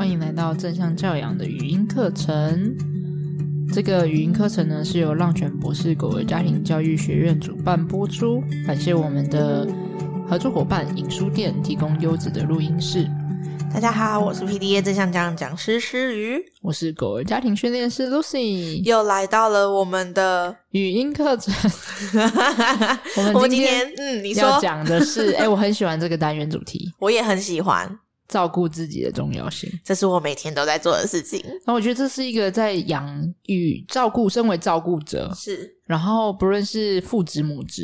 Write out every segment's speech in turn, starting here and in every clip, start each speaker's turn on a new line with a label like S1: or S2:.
S1: 歡迎來到正向教養的語音課程。這個語音課程呢，是由浪犬博士狗兒家庭教育學院主辦播出，感謝我們的合作夥伴影書店提供優質的錄音室。大家好，我
S2: 是 PDA 正向教養講師詩瑜，
S1: 我是狗兒家
S2: 庭訓練師 Lucy，又來到了我們的語音課程。 我們今天嗯，要講的是，哎、嗯 欸，我很
S1: 喜歡這個單元主題，我也很喜歡。照顧自己的重要性，
S2: 這是我每天都在做的事情。
S1: 那我覺得這是一個在養育、照顧，身為照顧者是，然後不論是父職、母職，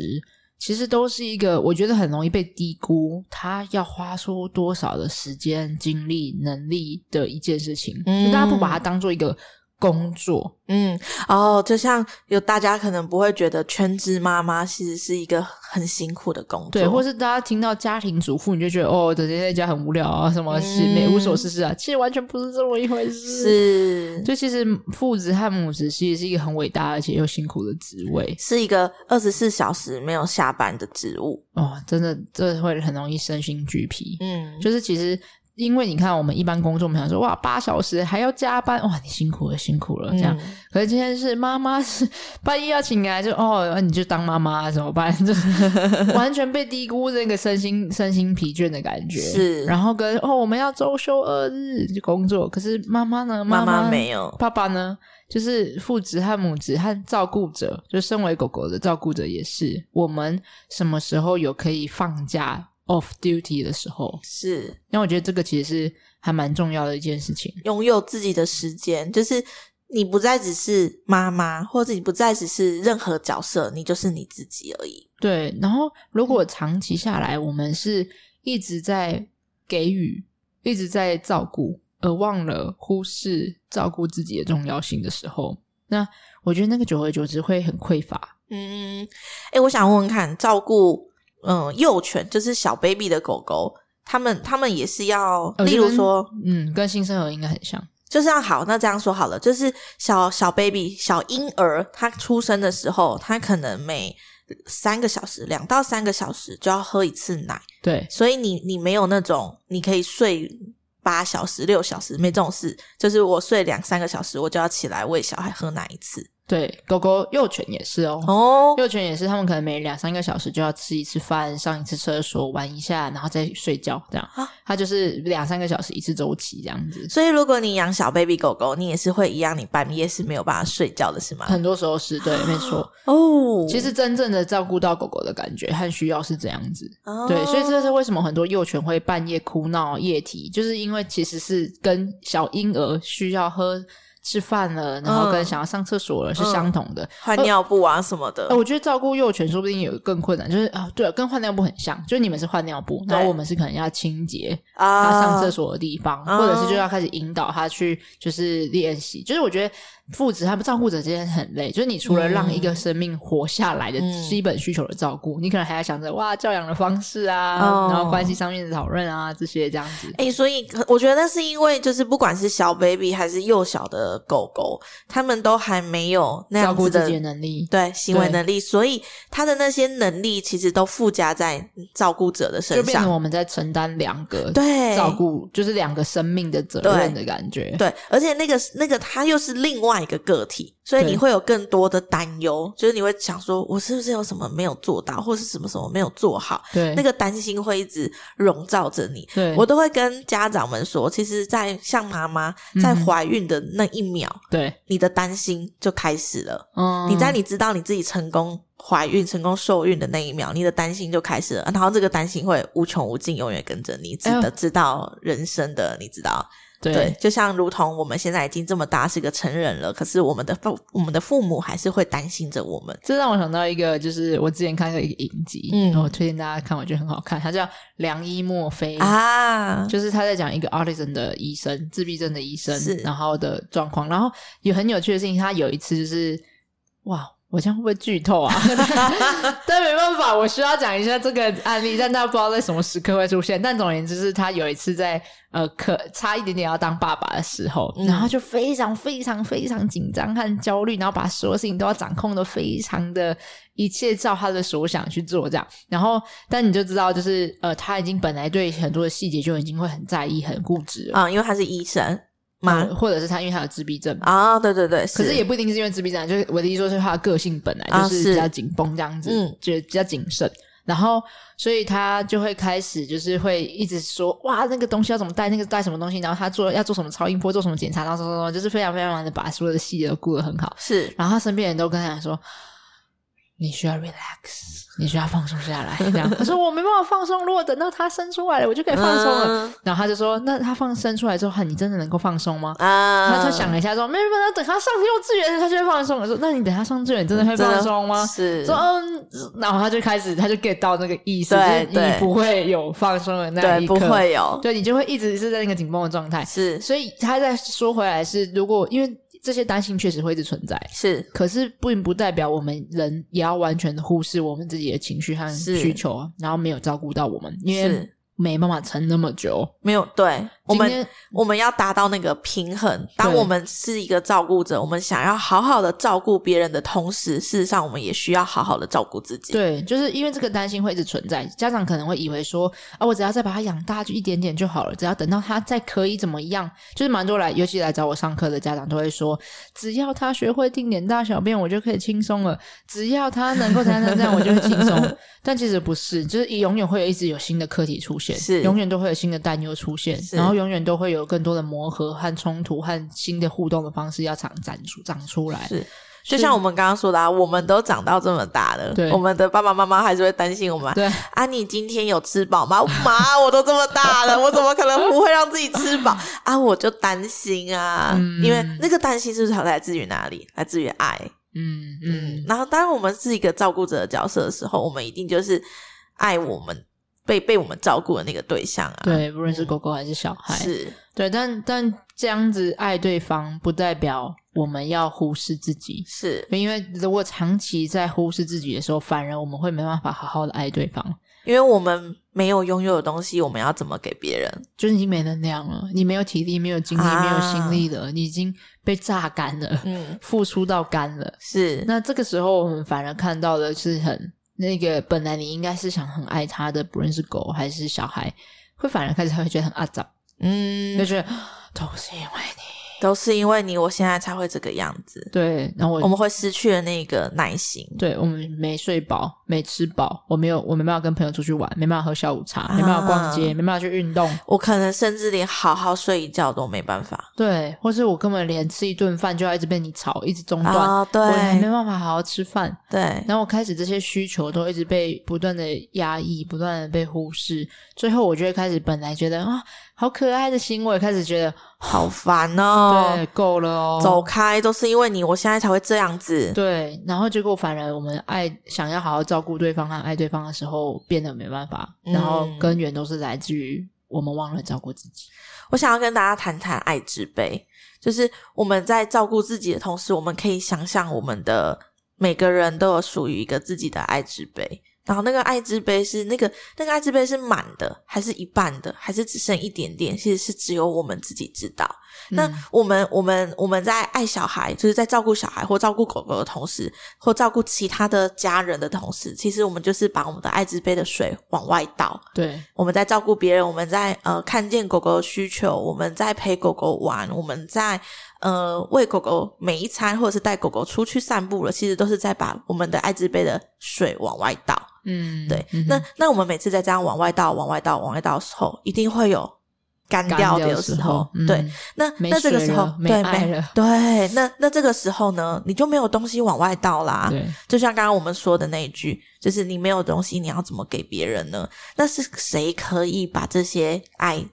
S1: 其實都是一個我覺得很容易被低估，他要花出多少的時間、精力、
S2: 能力的一件事情，就、嗯、大家不把它當做一個。工作，嗯，哦，就像有大家可能不會覺得全職媽媽其實是一個很辛苦的工作，對，或
S1: 是大家聽到家庭主婦你就覺得哦，整天在家很無聊啊，什麼事、嗯、沒無所事事啊，
S2: 其實完全不是這麼一回事，是，
S1: 就其實父職和母職其實是一個很偉大而且又辛苦的職位，是
S2: 一個二十四小時沒有下班的職務，
S1: 哦，真的，這會很容易身心俱疲，嗯，就是其實。因為你看，我們一般工作，我們想說，哇，八小時還要加班，哇，你辛苦了，辛苦了，這樣。嗯、可是今天是媽媽是半夜要醒來就哦，你就當媽媽怎麼辦？就是、完全被低估那個身心身心疲倦的感覺。是。然後跟哦，我們要周休二日就工作，可是媽媽呢媽媽？媽媽沒有。爸爸呢？就是父職和母職，和照顧者，就身為狗狗的照顧者也是。我們什麼時候有可以放假？Off duty 的時候，是，因為我覺得這個其實是還蠻重要的一件事情。
S2: 擁有自己的時間，就是你不再只是媽媽，或者你不再只是任何角色，你就是你自己而已。
S1: 對。然後，如果長期下來，我們是一直在給予、嗯，一直在照顧，而忘了忽視照顧自己的重要性的時候，那我覺得那個久而久之會很匱乏。
S2: 嗯，哎、欸，我想問問看，照顧。嗯，幼犬，就是小 baby 的狗狗，他們他們也是要，哦、例如說，
S1: 嗯，跟新生兒應該很像，
S2: 就是要好，那這樣說好了，就是小小 baby 小嬰兒，他出生的時候，他可能每三個小時兩到三個小時就要喝一次奶，對，所以你你沒有那種你可以睡八小時六小時，沒這種事，就是我睡兩三個小時，我就要起來餵小孩喝奶一次。
S1: 對，狗狗幼犬也是哦，oh. 幼犬也是，他們可能每兩三個小時就要吃一次飯，上一次廁所，玩一下，然後再睡覺，這樣。啊、oh.，它就是兩三個小時一次週期這樣子。
S2: 所以如果你養小 baby 狗狗，你也是會一樣，你半夜是沒有辦法睡覺的是嗎？很多時候是對，沒錯。
S1: 哦、oh.，其實真正的照顧到狗狗的感覺和需要是這樣子。Oh. 對，所以這是為什麼很多幼犬會半夜哭鬧、夜啼，就是因為其實是跟小嬰兒需要喝。吃飯了，然後跟想要上廁所了、嗯、是相同的，換尿
S2: 布啊什麼的。哎，我覺
S1: 得照顧幼犬說不定有更困難，就是啊，對，跟換尿布很像，就是你們是換尿布，然後我們是可能要清潔啊，上廁所的地方、啊，或者是就要開始引導他去，就是練習、啊。就是我覺得，父子他們照顧者之間很累，就是你除了讓一個生命活下來的基本需求的照顧、嗯嗯，你可能還要想着哇教養的方式啊，哦、然後關係上面的討論啊這些這樣子。
S2: 哎、欸，所以我覺得那是因為就是不管是小 baby 還是幼小的。狗狗，他們都還沒有那樣子的的能力，對，行為能力，所以他的那些能力其實都附加在照顧者的身上，就變成我們在承擔兩個對照
S1: 顧，就是兩個生命的責任的感覺。對，對
S2: 而且那個那個他又是另外一個個體，所以你會有更多的擔憂，就是你會想說，我是不是有什麼沒有做到，或是什麼什麼沒有做好？對，那個擔心會一直籠罩着你。對，我都會跟家長們說，其實在，像媽媽在像媽媽在懷孕的那一。秒，對，你的擔心就開始了。嗯、你在你知道你自己成功懷孕、成功受孕的那一秒，你的擔心就開始了，然後這個擔心會無窮無盡，永遠跟着你。只得知道人生的你、哎，你知道。對，對，就像如同我們現在已經這麼大，是一個成人了，可是我們的父、我們的父母還是會擔心着我們。
S1: 這讓我想到一個，就是我之前看一個影集，嗯，然後我推薦大家看，我覺得很好看，它叫《良醫莫非》啊，就是他在講一個阿 a n 的醫生、自閉症的醫生，是然後的狀況，然後有很有趣的事情，他有一次就是，哇。我這樣會不會劇透啊？ 但沒辦法，我需要講一下這個案例，但大家不知道在什麼時刻會出現。但總而言之，是他有一次在呃，可差一點點要當爸爸的時候，然後就非常非常非常緊張和焦慮，然後把所有事情都要掌控的非常的，一切照他的所想去做這樣。然後，但你就知道，就是呃，他已經本來對很多的細節就已經會很在意、很固執啊。嗯，因為他是醫生。嘛、嗯，或者是他，因為他有自閉症啊、哦，對對對，可是也不一定是因為自閉症，就是我的意思是他的個性本來就是比較緊繃這樣子，啊、是就是比較謹慎、嗯，然後所以他就會開始就是會一直說哇，那個東西要怎麼帶，那個帶什麼東西，然後他做要做什麼超音波，做什麼檢查，然後什麼什麼，就是非常非常的把所有的細節都顧得很好，是，然後他身邊人都跟他講說，你需要 relax。你需要放鬆下來，這樣。他說我沒辦法放鬆， 如果等到他生出來了，我就可以放鬆了，嗯。然後他就說：“那他放生出來之後，你真的能夠放鬆嗎？”
S2: 啊，嗯，他就想了一下，
S1: 說：“沒有沒有，等他上幼稚園，他就會放鬆。”我說：“那你等他上幼稚園，你真的會放鬆嗎？”是。說嗯，然後他就開始，他就 get 到那個意思，就是你不會有放鬆的那一刻，對對不會有，對，你就會一直是在那個緊繃的狀態。是，所以他再說回來是，如果因為。這些擔心確實會一直存在，是。可是並不代表我們人也要完全的忽視我們自己的情緒和需求，然後沒有照顧到我們，是，因為沒辦法撐那麼久。
S2: 沒有，對。我們我們要達到那個平衡。當我們是一個照顧者，我們想要好好的照顧別人的同時，事實上我們也需要好好的照顧自己。
S1: 對，就是因為這個擔心會一直存在。家長可能會以為說，啊，我只要再把他養大就一點點就好了，只要等到他再可以怎麼樣，就是蠻多來，尤其來找我上課的家長都會說，只要他學會定點大小便，我就可以輕鬆了；只要他能夠達成這樣， 我就會輕鬆了。但其實不是，就是永遠會有一直有新的課題出現，是，永遠都會有新的擔憂出現，然後。永遠都會有更多的磨合和衝突，和新的互動的方式要長展出，長出來。是，
S2: 就像我們剛剛說的啊，啊、嗯，我們都長到這麼大了，對，我們的爸爸媽媽還是會擔心我們。對，啊，你今天有吃飽嗎？媽， 我都這麼大了，我怎麼可能不會讓自己吃飽 啊，啊？我就擔心啊，因為那個擔心是不是還來自於哪裡？來自於愛。嗯嗯，嗯。然後，當我們是一個照顧者的角色的時候，我們一定就是愛我們。被被我們照顧的那個對象啊，
S1: 對，不論是狗狗還是小孩，嗯、是對，但但這樣子愛對方，不代表我們要忽視自己，是因為如果長期在忽視自己的時候，反而我們會沒辦法好好的愛對方，
S2: 因為我們沒有擁有的東西，我們要怎麼給別人？
S1: 就是你沒能量了，你沒有體力，沒有精力，啊、沒有心力了，你已經被榨乾了，嗯，付出到乾了，是。那這個時候，我們反而看到的是很。那個本來你應該是想很愛他的，不論是狗還是小孩，會反而開始他會覺得很阿雜，嗯，就覺
S2: 得都是因為你。都是因為你，我現在才會這個樣子。
S1: 對，然後我，我們會失去了那個耐心。對，我們沒睡飽，沒吃飽，我沒有，我沒辦法跟朋友出去
S2: 玩，沒辦法喝下午茶，啊，沒辦法逛街，沒辦法去運動。我可能甚至連好好睡一覺都沒辦法。
S1: 對，或是我根本連吃一頓飯就要一直被你吵，一直中斷。啊、哦，對，沒辦法好好吃飯。對，然後我開始這些需求都一直被不斷的壓抑，不斷的被忽視，最後我就會開始本來覺得啊。好可愛的行為，開始覺得好
S2: 煩哦、喔、對，夠了哦、喔，走開！都是因為你，我現在才會這樣子。對，
S1: 然後結果反而，我們愛想要好好照顧對方啊，愛對方的時候變得沒
S2: 辦法，然後根源都是來自於我們忘了照顧自己、嗯。我想要跟大家談談愛之杯，就是我們在照顧自己的同時，我們可以想象我們的每個人都有屬於一個自己的愛之杯。然後那個愛之杯是那個那個愛之杯是滿的，還是一半的，還是只剩一點點？其實是只有我們自己知道。嗯。那我們我們我們在愛小孩，就是在照顧小孩或照顧狗狗的同時，或照顧其他的家人的同時，其實我們就是把我們的愛之杯的水往外倒。對，我們在照顧別人，我們在呃看見狗狗的需求，我們在陪狗狗玩，我們在呃餵狗狗每一餐，或者是帶狗狗出去散步了，其實都是在把我們的愛之杯的水往外倒。嗯，對，嗯、那那我們每次在這樣往外倒，往外倒，往外倒的時候，一定會有乾掉的時候。時候嗯、對，那那這個時候，對沒了對？那那這個時候呢，你就沒有東西往外倒啦。對，就像剛剛我們說的那一句，就是你沒有東西，你要怎麼給別人呢？那是誰可以把這些愛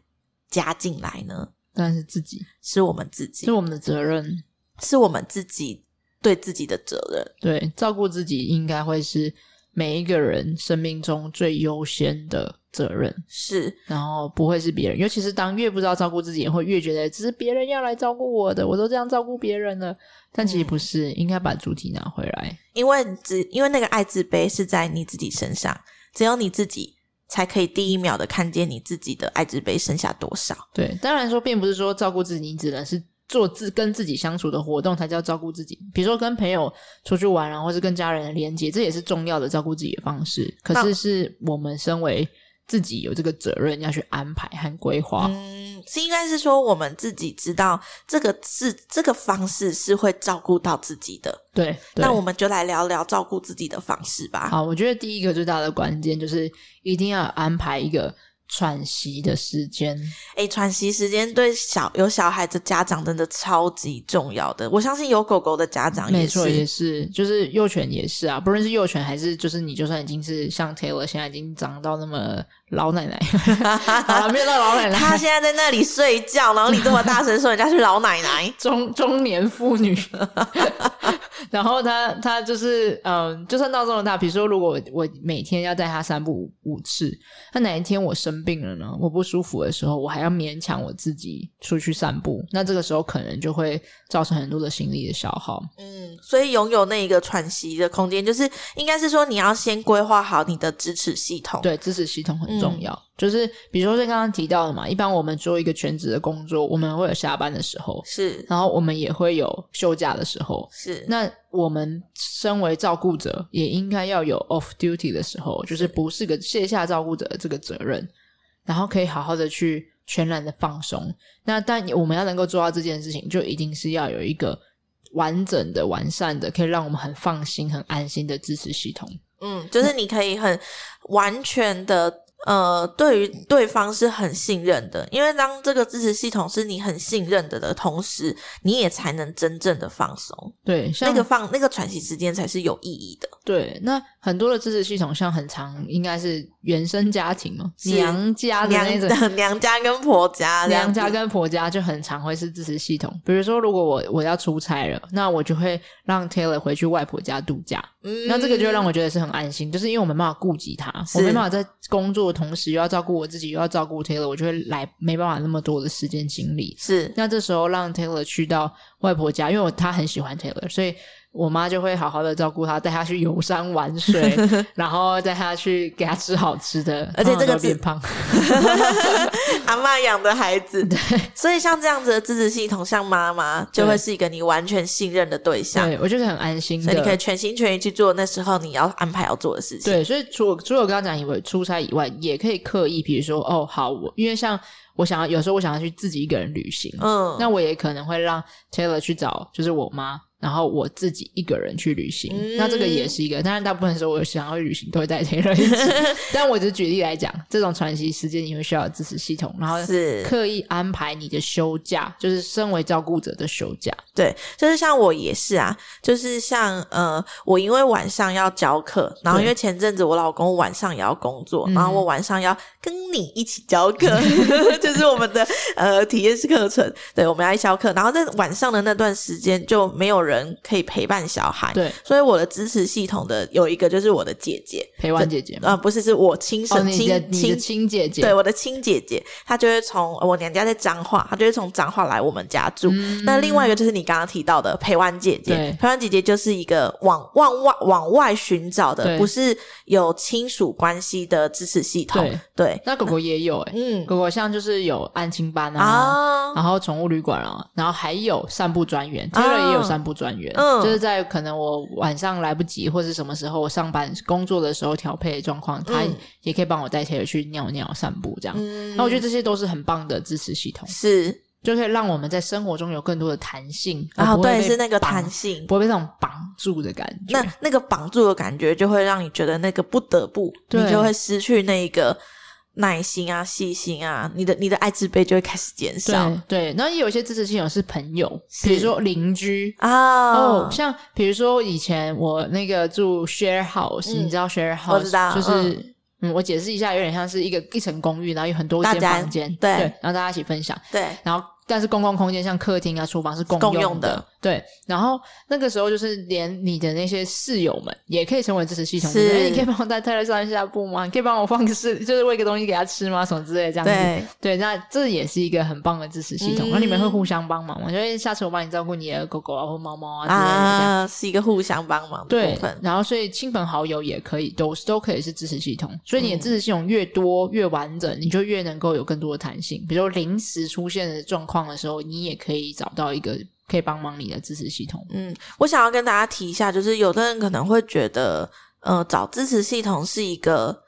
S2: 加進來呢？當
S1: 然是自己，
S2: 是我們自己，是我們的責任，是我們自己對自己的
S1: 責任。對，照顧自己應該會是。每一個人生命中最優先的責任是，然後不會是別人，尤其是當越不知道照顧自己，也會越覺得只是別人要來照顧我的，我都這樣照顧別人了。但其實不是，嗯、應該把主體
S2: 拿回來，因為只因為那個愛之杯是在你自己身上，只有你自己才可以第一秒的看見你自己的愛之杯剩下多少。
S1: 對，當然說，並不是說照顧自己，你只能是。做自跟自己相處的活動才叫照顧自己，比如說跟朋友出去玩啊，然後是跟家人的連接，這也是重要的照顧自己的方式。可是是我們身
S2: 為自
S1: 己有這個責任要去安排和規劃。嗯，
S2: 是應該是說我們自己知道這個是這個方式是會照顧到自己的對。對，那我們就來聊聊照顧自己的方式吧。
S1: 好，我覺得第一個最大的關鍵就是一
S2: 定要安排一個。喘息的時間，哎、欸，喘息時間對小有小孩子，家長真的超級重要的，我相信有狗狗的家長也是，沒錯，也是，
S1: 就是幼犬也是啊，不論是幼犬還是就是你，就算已經是像 Taylor 現在已經長到那麼，老奶奶，
S2: 沒有、 啊、到老奶奶，她現在在那裡睡覺。然後你這麼大聲說 人家是老奶奶，中中年婦女。 然後她，
S1: 她就是，嗯、呃，就算鬧這麼大，比如說，如果我，我每天要帶她散步五次，那哪一天我生病了呢？我不舒服的時候，我還要勉強我自己出去散步。那這個時候可能就會造成很多的心理的消耗。嗯，
S2: 所以擁有那一個喘息的空間，就是應該是說你要先規劃好你的支持系統。對，支
S1: 持系統很重。嗯重要，嗯，就是，比如說像剛剛提到的嘛，一般我們做一個全職的工作，我們會有下班的時候是，然後我們也會有休假的時候是。那我們身為照顧者，也應該要有 off duty 的時候，就是不是個卸下照顧者的這個責任，然後可以好好的去全然的放鬆。那但我們要能夠做到這件事情，就一定是要有一個完整的、完善的，可以讓我們很放心、很安心的支持系統。
S2: 嗯，就是你可以很完全的。呃，對於對方是很信任的，因為當這個支持系統是你很信任的的同時，你也才能真正的放鬆。
S1: 對像，那個
S2: 放那個喘息時間才是有意義
S1: 的。對，那很多的支持系統像很常，應該是原生家庭嘛，娘家的那種娘、
S2: 娘家跟婆家，娘家跟婆家就
S1: 很常會是支持系統。比如說，如果我我要出差了，那我就會讓 Taylor 回去外婆家度假，嗯、那這個就讓我覺得是很安心，就是因為我沒辦法顧及他，我沒辦法在工作。同時又要照顧我自己，又要照顧 Taylor，我就會來沒辦法那麼多的時間精力。是，那這時候讓 Taylor 去到外婆家，因為我他很喜歡 Taylor，所以。我媽就會好好的照顧她，帶她去遊山玩水， 然後帶她去給她吃好吃的，而且這個變胖。
S2: 阿嬤養的孩子，對，所以像這樣子的支持系統，像媽媽，就會是一個你完全信任的對象。對，我就
S1: 是很安心的，所以你可以
S2: 全心全意去做那時候你要安排要做的事情。
S1: 對，所以除了除了我剛剛講以為出差以外，也可以刻意，比如說哦，好，我因為像我想要有時候我想要去自己一個人旅行，嗯，那我也可能會讓 Taylor 去找，就是我媽。然後我自己一個人去旅行，嗯、那這個也是一個。當然大部分時候我想要旅行都會帶這人一起。 但我只舉例來講，這種喘息時間你會需要支持系統，然後是刻意安排你的休假，就是身為照顧者的休假。對，
S2: 就是像我也是啊，就是像呃，我因為晚上要教課，然後因為前陣子我老公晚上也要工作，然後我晚上要。跟你一起教課， 就是我們的 呃體驗式課程。對，我們要一教課。然後在晚上的那段時間，就沒有人可以陪伴小孩。對，所以我的支持系統的有一個就是我的姐姐，陪玩姐姐啊、呃，不是是我親生、哦、親親親姐姐親。對，我的親姐姐，她就會從我娘家在彰化，她就會從彰化來我們家住、嗯。那另外一個就是你剛剛提到的陪玩姐姐，陪玩姐姐就是一個往往外往外尋找的，不是有親屬關係的支持系統。對。對那狗狗也有誒、欸，嗯，狗狗像就是有安親班啊，啊，啊，
S1: 然後寵物旅館啊，然後還有散步專員，今、啊、日也有散步專員、啊，就是在可能我晚上來不及、嗯、或是什麼時候我上班工作的時候調配的狀況，它、嗯、也可以幫我帶 Taylor 去尿尿、散步這樣、嗯。那我覺得這些都是很棒的支持系統，是就可以讓我們在生活中有更多的彈性啊，然後對，然後，是那
S2: 個彈性，
S1: 不會被那種綁住的感
S2: 覺。那那個綁住的感覺，就會讓你覺得那個不得不，對，你就會失去那一個。耐心啊，細心啊，你的你的愛之杯就會開始減少。對，對，然後也有一些支持系統是朋
S1: 友，比如說鄰居哦。Oh. 像比如說以前我那個住 share house，、嗯、你知道 share house，我知道就是嗯，嗯，我解釋一下，有點像是一個一層公寓，然後有很多間房間，對，對，然後大家一起分享，對，然後。但是公共空間像客廳啊、廚房是，是共用的，對。然後那個時候就是連你的那些室友們也可以成為支持系統，就是、你可以幫我帶太太上下步嗎？你可以幫我放個是，就是餵個東西給他吃嗎？什麼之類的這樣子對。對，那這也是一個很棒的支持系統。那、嗯、你們會互相幫忙嗎？因、就、為、是、下次我幫你照顧你的狗狗啊或貓貓啊之類的啊，是一個互相
S2: 幫忙的部分。
S1: 對，然後所以親朋好友也可以都都可以是支持系統。所以你的支持系統越多、嗯、越完整，你就越能夠有更多的彈性。比如說臨時出現的狀況。況的時候，你也可以找到一個可以幫忙你的支持系統。嗯，
S2: 我想要跟大家提一下，就是有的人可能會覺得，呃，找支持系統是一個，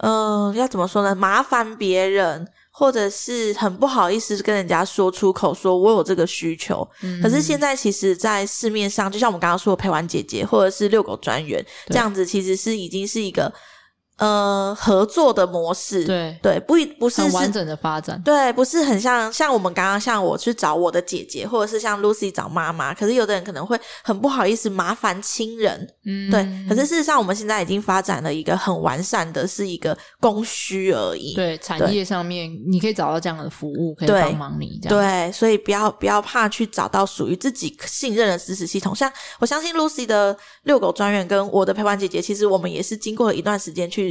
S2: 嗯、呃，要怎麼說呢？麻煩別人，或者是很不好意思跟人家說出口，說我有這個需求。嗯、可是現在，其實，在市面上，就像我們剛剛說的，陪玩姐姐或者是遛狗專員這樣子，其實是已經是一個。呃，合作的模式，對對，不一，不是，是很完整的發展，對，不是很像，像我們剛剛像我去找我的姐姐，或者是像 Lucy 找媽媽，可是有的人可能會很不好意思麻煩親人，嗯，對。嗯、可是事實上，我們現在已經發展了一個很完善的，是一個供需而已對。對，產業上面你可以找到這樣的服務，可以幫忙你這樣。對，對，所以不要不要怕去找到屬於自己信任的支持系統。像我相信 Lucy 的遛狗專員跟我的陪伴姐姐，其實我們也是經過了一段時間去。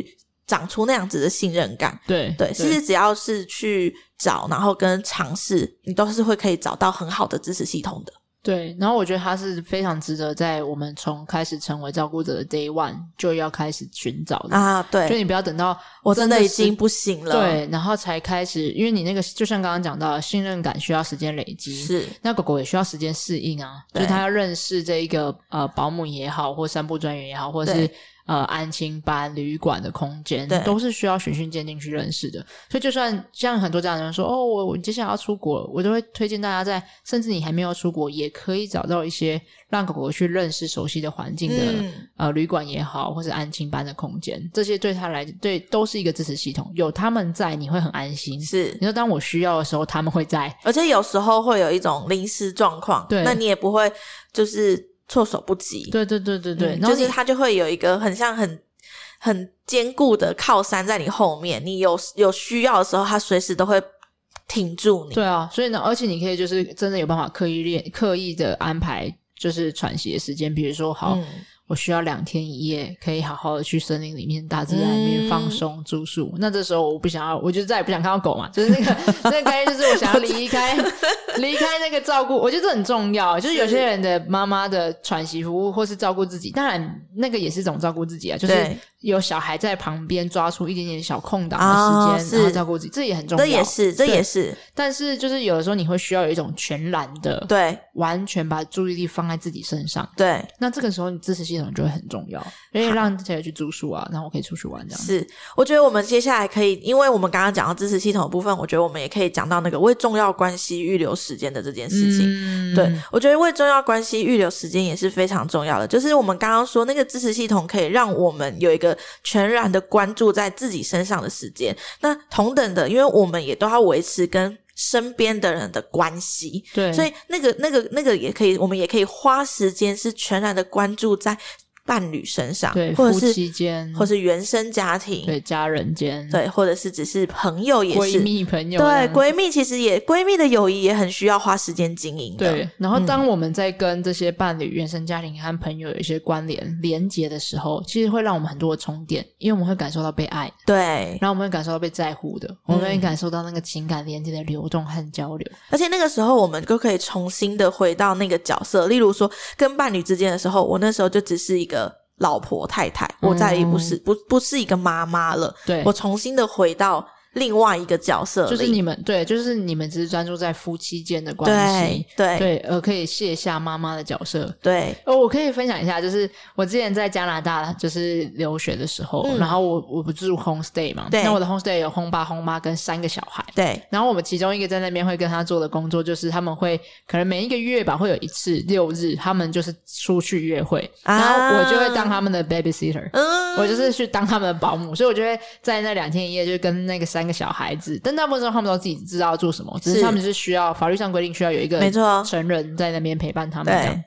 S2: 長出那樣子的信任感，對對，其實只要是去找，然後跟嘗試，你都是會可以找到很好的支持系統的。
S1: 對，然後我覺得它是非常值得在我們從開始成為照顧者的 Day One 就要開始尋找的啊。對，就你不要等到真我真的已經不行了，對，然後才開始，因為你那個就像剛剛講到，信任感需要時間累積，是那狗狗也需要時間適應啊，對，就是它要認識這一個呃保姆也好，或散步專員也好，或是。呃，安親班、旅館的空間，對，都是需要循序漸進去認識的。所以，就算像很多家長說，哦，我我接下來要出國，我都會推薦大家在，甚至你還沒有出國，也可以找到一些讓狗狗去認識熟悉的環境的、嗯、呃旅館也好，或是安親班的空間，這些對他來對都是一個支持系統，有他們在，你會很
S2: 安心。是，你說當我需要的時候，他們會在，而且有時候會有一種臨時狀況，對，那你也不會就是。措手不及，對對對對對，嗯、就是他就會有一個很像很很堅固的靠山在你後面，你有有需要的時候，他隨時都會挺住你。對啊，所以呢，而且你可以
S1: 就是真的有辦法刻意練、刻意的安排，就是喘息的時間，比如說，好。嗯我需要兩天一夜，可以好好的去森林裡面、大自然裡面放鬆住宿。嗯。那這時候我不想要，我就再也不想看到狗嘛，就是那個， 那個概念就是我想要離開，離 開那個照顧。我覺得這很重要，是。就是有些人的媽媽的喘息服務，或是照顧自己，當然那個也是一種照顧自己啊，就是有小孩在旁邊抓出一點點小空檔的時間，然後照顧自己，oh，自己，這也很重要。這也是，這也是。但是就是有的時候你會需要有一種全然的，對，完全把注意力放在自己身上。對，那這個時候你支持下。系統就會很重要，可以讓你自己去住宿啊，然後我可以出去玩這樣。是，
S2: 我覺得我們接下來可以，因為我們剛剛講到支持系統部分，我覺得我們也可以講到那個為重要關係預留時間的這件事情。嗯，對，我覺得為重要關係預留時間也是非常重要的，就是我們剛剛說那個支持系統可以讓我們有一個全然的關注在自己身上的時間。那同等的，因為我們也都要維持跟。身邊的人的關係，對，所以那個、那個、那個也可以，我們也可以花時間，是全然的關注在伴侶身上，對，或者是夫妻間，或是原生家庭，對，家人間，對，或者是只是朋友，也是閨蜜朋友，對，閨蜜其實也、嗯、閨蜜的友誼也很需要花時間經營的。對，
S1: 然後當我們在跟這些伴侶、嗯、原生家庭和朋友有一些關聯、連接的時候，其實會讓我們很多的充電，因為我們會感受到被愛，對，然後我們會感受到被在乎的，嗯、我們會感受到那個情感連接的流動和交流，
S2: 而且那個時候我們都可以重新的回到那個角色。例如說，跟伴侶之間的時候，我那時候就只是一個。老婆太太，我再也不是、嗯、不不是一個媽媽了。對，我重新的回到另外一個角色，就是你們對，就是你們只是專注在夫妻間的關係，對對，對，
S1: 而可以卸下媽媽的角色，對。哦，我可以分享一下，就是我之前在加拿大就是留學的時候，嗯、然後我我不住 homestay 嘛對，那我的 homestay 有 home 爸 home 媽跟三個小孩，對。然後我們其中一個在那邊會跟他做的工作，就是他們會可能每一個月吧，會有一次六日，他們就是出去約會，然後我就會當他們的 babysitter，啊、我就是去當他們的保姆、嗯，所以我就會在那兩天一夜就跟那個三。那個小孩子，但大部分時候他們都自己知道做什麼，只是他們是需要法律上規定需要有一個成人在那邊陪伴他們這樣。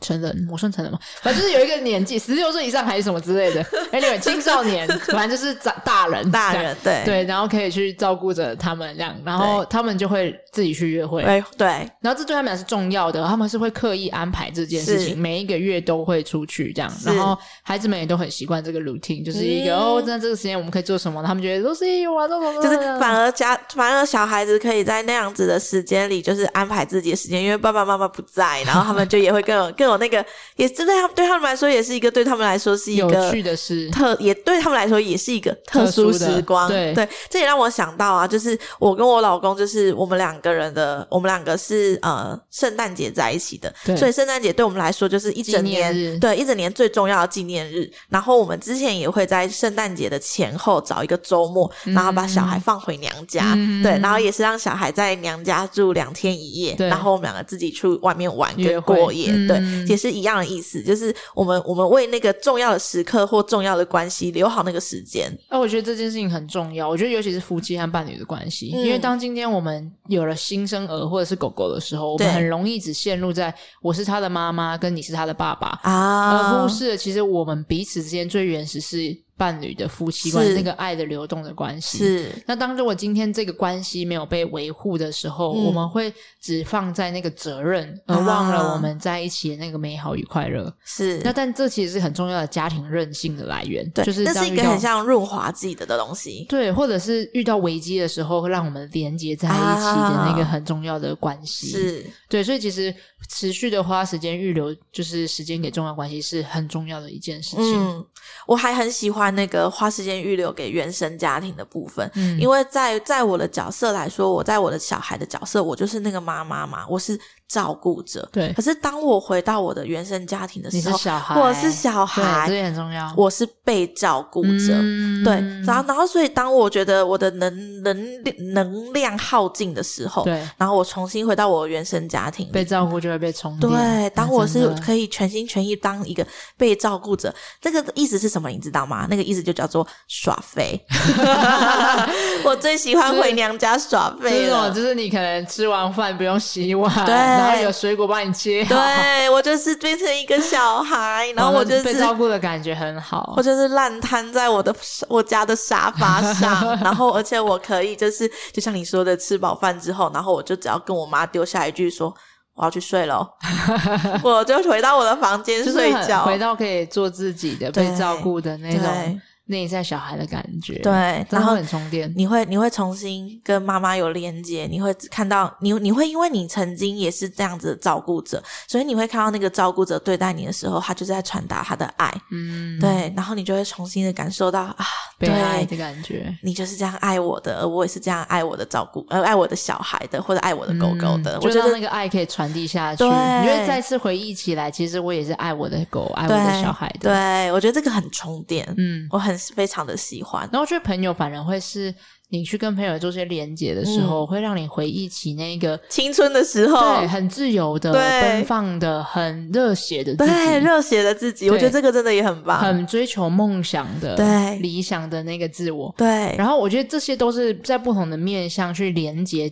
S1: 成人，我算成人嗎？反正就是有一個年紀，十六歲以上還是什麼之類的。哎，你們青少年， 反正就是長大人，大人對對，然後可以去照顧着他們這樣，然後他們就會自己去約會。哎，對，然後這對他們來說是重要的，他們是會刻意安排這件事情，每一個月都會出去
S2: 這樣。然後孩子們也都很習慣這個 routine，就是一個、嗯、哦，在
S1: 這個時間我們可以做什麼，他們覺得都是哇，做什麼，
S2: 就是反而家反而小孩子可以在那樣子的時間裡，就是安排自己的時間，因為爸爸媽媽不在，然後他們就也會更有更。 有那個，也是對他們對他們來說，也是一個對他們來說是一個特，也對他們來說也是一個特殊時光殊對。對，這也讓我想到啊，就是我跟我老公，就是我們兩個人的，我們兩個是呃，聖誕節在一起的，對，所以聖誕節對我們來說就是一整年，對一整年最重要的紀念日。然後我們之前也會在聖誕節的前後找一個週末、嗯，然後把小孩放回娘家、嗯，對，然後也是讓小孩在娘家住兩天一夜，然後我們兩個自己去外面玩跟過夜，嗯、對。也是一樣的意思，就是我們我們為那個重要的時刻或重要的關係留好那個時間。
S1: 那、啊、我覺得這件事情很重要，我覺得尤其是夫妻和伴侶的關係、嗯，因為當今天我們有了新生兒或者是狗狗的時候，我們很容易只陷入在我是他的媽媽跟你是他的爸爸啊，而忽視了其實我們彼此之間最原始是。伴侶的夫妻關係，那個愛的流動的關係。是。那當着我今天這個關係沒有被維護的時候、嗯，我們會只放在那個責任，而忘了我們在一起的那個美好與快樂。啊、是。那但這其實是很重要的家庭韌性的來源。對。就是，那是一個很
S2: 像潤滑劑的的東西。對，
S1: 或者是遇到危機的時候，會讓我們連接在一起的那個很重要的關係。啊、是對，所以其實持續的花時間預留，就是時間給重要的關係是很重
S2: 要的一件事情。嗯、我還很喜歡。那個花時間預留給原生家庭的部分，嗯，因為在在我的角色來說，我在我的小孩的角色，我就是那個媽媽嘛，我是。照顧者，對，可是當我回到我的原生家庭的時候，我是小孩，我是小孩，對對這是很重要。我是被照顧者，嗯，對，然後然後，所以當我覺得我的能能能量耗盡的時候，對，然後我重新回到我原生家庭，被照顧就會被充電，對，當我是可以全心全意當一個被照顧者，這個意思是什麼？你知道嗎？那個意思就叫做耍廢 我最喜歡回娘
S1: 家耍廢了。這種，就是，就是你可能吃完飯不用洗
S2: 碗， 對。對，然後有水果幫你切，對，我就是變成一個小孩，然後我就是被照顧
S1: 的感覺很好。我就
S2: 是爛癱在我的我家的沙發上， 然後而且我可以就是就像你說的，吃飽飯之後，然後我就只要跟我媽丟下一句說，我要去睡了， 我就回到我的房間睡覺，回到可以做自己的、被照顧的那種。
S1: 內在小孩的感覺，對，然後很充
S2: 電，你會你會重新跟媽媽有連接，你會看到你你會因為你曾經也是這樣子照顧者，所以你會看到那個照顧者對待你的時候，他就是在傳達他的愛，嗯，對，然後你就會重新的感受到啊，被愛的感覺，你就是這樣愛我的，而我也是這樣愛我的照顧，呃，愛我的小孩的，或者愛我的狗狗的，嗯，我覺得那
S1: 個愛可以傳遞下去，你會再次回憶起來，其實我也是愛我的狗，愛我的小孩的，對，對，我覺得這個很充電，嗯，我很。非常的喜歡，然後我覺得朋友反而會是你去跟朋友做些連接的時候，嗯，會讓你回憶起那個
S2: 青春的時候，對，很自
S1: 由的、對奔放的、很熱血的自己，對熱
S2: 血的自己，我覺得這
S1: 個真的也很棒，很追求夢想的、對理想的那個自我，
S2: 對。然後我
S1: 覺得這些都是在不同的面向去連接。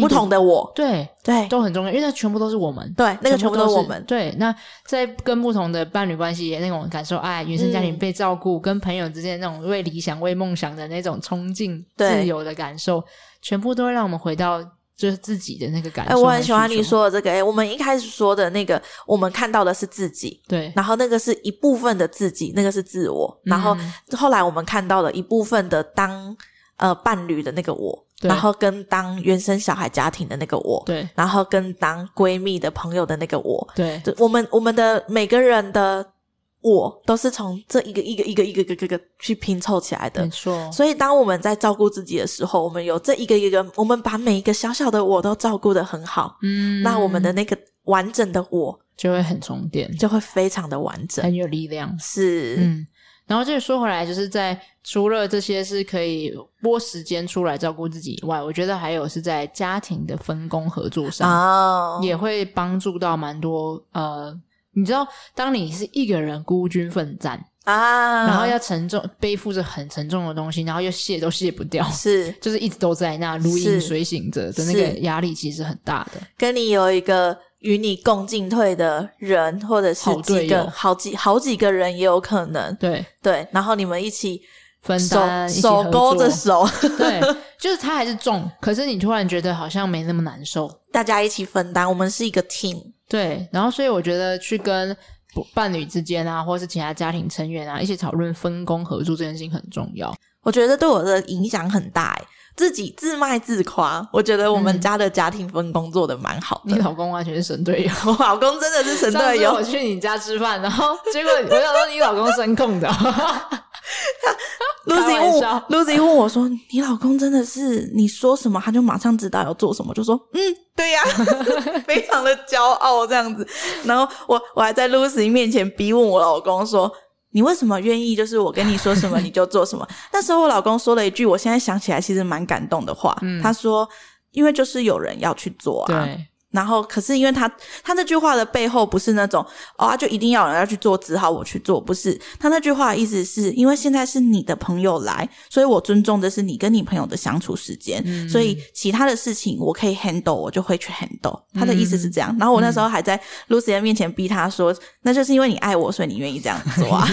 S1: 不同的我，對對，都很重要，因為那全部都是我們，對，那個全部都是我們對。那在跟不同的伴侶關係，那種感受哎、哎、原生家庭被照顧、嗯，跟朋友之間那種為理想、為夢想的那種憧憬、自由的感受，全部都會讓我們回到就是自己的那個感受。哎、欸，我很喜歡你說
S2: 的這個。哎、欸，我們一開始說的那個，我們看到的是自己，對，然後那個是一部分的自己，那個是自我，嗯、然後後來我們看到了一部分的當呃伴侶的那個我。然後跟當原生小孩家庭的那個我，對，然後跟當閨蜜的朋友的那個我，對，我們我們的每個人的我都是從這一個一個一個一個一個一個一個去拼湊起來的，沒錯。所以當我們在照顧自己的時候，我們有這一個一個，我們把每一個小小的我都照顧得很好，嗯，那我們的那個完整的我就會很充電，嗯，就會非常的完整，很有力
S1: 量，是，嗯。然後就說回來，就是在除了這些是可以撥時間出來照顧自己以外，我覺得還有是在家庭的分工合作上，oh. 也會幫助到蠻多。呃，你知道，當你是一個人孤軍奮戰，oh. 然後要沉重背負着很沉重的東西，然後又卸都卸不
S2: 掉，是就是一直都在那如影隨形着的那個壓力，其實很大的。跟你有一個。與你共進退的人，或者是幾個好，好幾好幾個人也有可能。對對，然後你們一起分擔，手勾着手。對， 就是他還是重，可是你突然覺得好像沒那麼難受。大家一起分
S1: 擔，我們是一個 team。對，然後所以我覺得去跟伴侶之間啊，或是其
S2: 他家庭成員啊，一起討論分工合作這件事情很重要。我覺得對我的影響很大。自己自賣自誇，我覺得我們家的家庭分工做的蠻好的，嗯。你老公完全是神隊友，我老公真的是神隊友。上次我去
S1: 你家吃飯，然後結果我想說你
S2: 老公聲控的
S1: Lucy 問 Lucy 問我
S2: 說：“你老公真的是？你說， 你說什麼，他就馬上知道要做什麼，就說嗯，對呀，啊， 非常的驕傲這樣子。”然後我我還在 Lucy 面前逼問我老公說。你為什麼願意？就是我跟你說什麼你就做什麼。 那時候我老公說了一句，我現在想起來其實蠻感動的話。嗯、他說：“因為就是有人要去做啊。”對。然後，可是因為他他那句話的背後不是那種啊、哦，就一定要有人要去做，只好我去做,不是，他那句話的意思是。是因為現在是你的朋友來，所以我尊重的是你跟你朋友的相處時間，嗯、所以其他的事情我可以 handle，我就會去 handle。他的意思是這樣。嗯、然後我那時候還在 Lucy 面前逼他說、嗯，那就是因為你愛我，所以你願意這樣做啊。